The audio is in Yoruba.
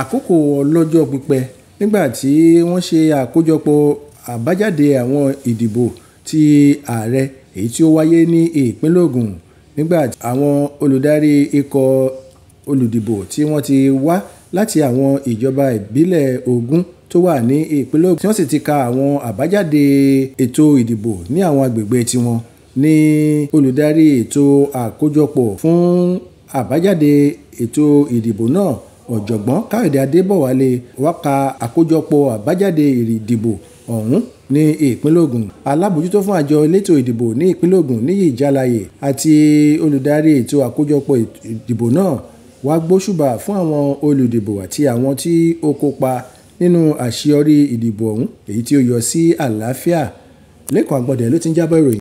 àkókò ọlọ́jọ́ pípẹ́ nígbà tí wọ́n ṣe àkójọpọ̀ àbájáde àwọn ìdìbò ti ààrẹ èyí tí ó wáyé ní ìpínlẹ̀ Ògùn nígbà àwọn olùdarí ikọ̀ olùdìbò tí wọ́n ti wá láti àwọn ìjọba ìbílẹ̀ ogún tó wà ní ìpínlẹ̀ Ògùn tí wọ́n sì ti ka àwọn àbájáde ètò ìdìbò ní àwọn agbègbè tiwọn ní olùdarí ètò àkójọpọ̀ fún àbájáde ètò ìdìbò náà ọ̀jọ̀gbọ́n káyọ̀dé adébọ̀wálé wá ka àkójọpọ̀ àbájáde ìdìbò ọ̀hún ní ìpínlẹ̀ Ògùn alábòjútó fún àjọ elétò ìdìbò ní ìpínlẹ̀ Ògùn níyì jalaye àti olùdarí ètò àkójọpọ̀ ìdìbò náà wá gbóṣùbà fún àwọn olùdìbò àti àwọn tí ó kópa nínú àṣeyọrí ìdìbò ọ̀hún èyí tí ó yọ sí àlàáfíà lẹ́kọ̀ọ́ àgbọ̀dẹ ló ti ń jábọ̀ ìròyìn.